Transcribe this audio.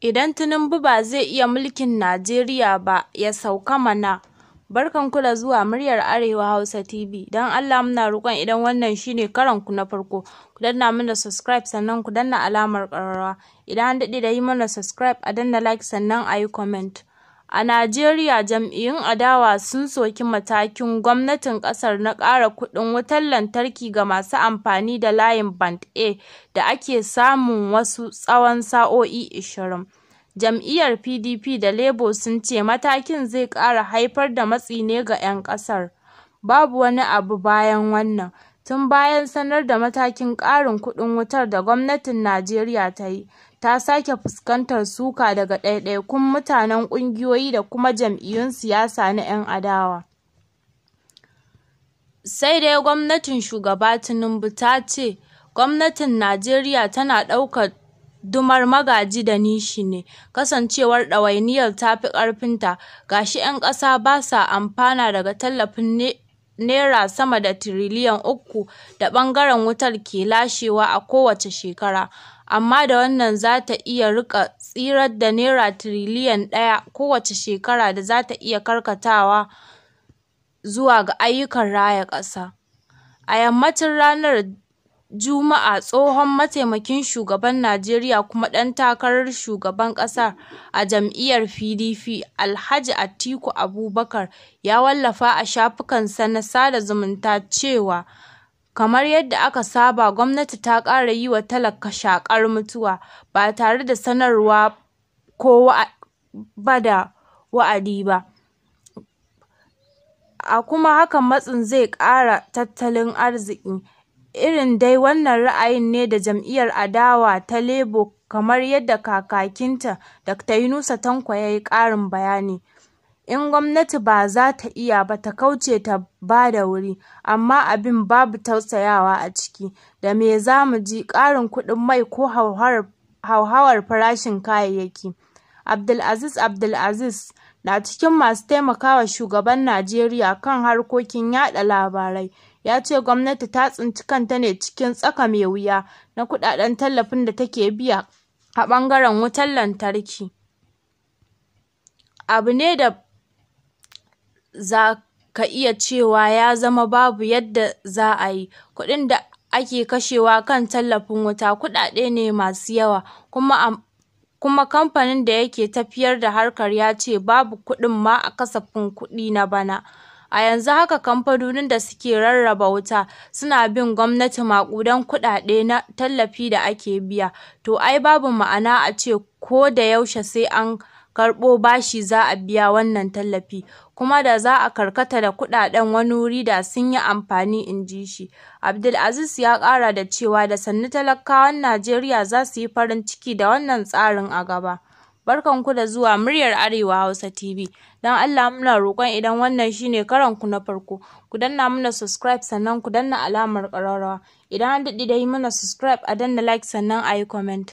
Idan Tinubu ba zai iya mulkin Najeriya ba, ya sauka mana. Barkan da zuwa muryar Arewa Hausa TV. Don Allah muna roƙon idan wannan shine karanku na farko, ku danna mana subscribe sannan ku danna alamar ƙararrawa. Idan an daɗe da yi mana subscribe a danna like sannan a yi comment. A Najeriya, jam'iyyun adawa sun soki matakin gwamnatin ƙasar na ƙara kuɗin wutar lantarki ga masu amfani da layin Band A da ake samun wasu tsawon sa'o'i 20. Jam'iyyar PDP da Labour sun ce matakin zai ƙara haifar da matsi ne ga 'yan ƙasar. Babu wani abu bayan wannan. Tun bayan sanar da matakin ƙarin kuɗin wutar da gwamnatin Najeriya ta yi, ta sake fuskantar suka daga ɗaiɗaikun mutanen ƙungiyoyi da kuma jam'iyyun siyasa na ‘yan adawa. Sai dai gwamnatin shugaba Tinubu ta ce gwamnatin Najeriya tana ɗaukar dumar magaji da nishi ne, kasancewar ɗawainiyar ta fi ƙarfinta, ga shi ‘yan ƙasa ba sa amfana daga tallafin Naira sama da tiriliyan uku da ɓangaren wutar ke lashewa a kowace shekara, amma da wannan za ta iya rika tsirar da Naira tiriliyan ɗaya kowace shekara da za ta iya karkatawa zuwa ga ayyukan raya ƙasa. A yammacin ranar Juma'a, tsohon mataimakin shugaban Najeriya kuma ɗan takarar shugaban ƙasar a jam'iyyar PDP, Alhaji Atiku Abubakar ya wallafa a shafukansa na sada zumunta cewa, kamar yadda aka saba gwamnati ta ƙara yi wa talaka shaƙar mutuwa ba tare da sanarwa ko bada wa'adi ba. A kuma hakan matsin zai ƙara tattalin arziki. Irin dai wannan ra'ayin ne da jam'iyyar adawa ta Lebo, kamar yadda kakakinta Dr Yunusa Tanko ya yi ƙarin bayani, in gwamnati ba za ta iya ba ta kauce ta ba da wuri, amma abin babu tausayawa a ciki, da me za mu ji ƙarin kuɗin mai ko hauhawar farashin kayayyaki? Abdulaziz aziz na cikin masu taimakawa shugaban Najeriya kan harkokin yaɗa labarai. ya ce gwamnati ta tsinci kanta ne cikin tsaka mai wuya na kuɗaɗen tallafin da take biya a ɓangaren wutar lantarki. Abu ne da za ka iya cewa ya zama babu yadda za a yi kuɗin da ake kashewa kan tallafin wuta kuɗaɗe ne masu yawa kuma kuma kamfanin da yake tafiyar da harkar ya ce babu kuɗin ma a kasafin kuɗi na bana. A yanzu haka kamfanonin da suke rarraba wuta suna bin gwamnati maƙudan kuɗaɗe na tallafi da ake biya, to ai babu ma'ana a ce ko da yaushe sai an karɓo bashi za a biya wannan tallafi, kuma da za a karkata da kuɗaɗen wani wuri da sun yi amfani, in ji shi. Abdul aziz ya ƙara da cewa da sannu talakawan Najeriya za su yi farin ciki da wannan tsarin a gaba. barkanku da zuwa muryar Arewa Hausa TV. Don Allah muna roƙon idan wannan shine karanku na farko, ku danna mana subscribe sannan ku danna alamar ƙararrawa. Idan an daɗe dai mana subscribe a danna like sannan a yi comment.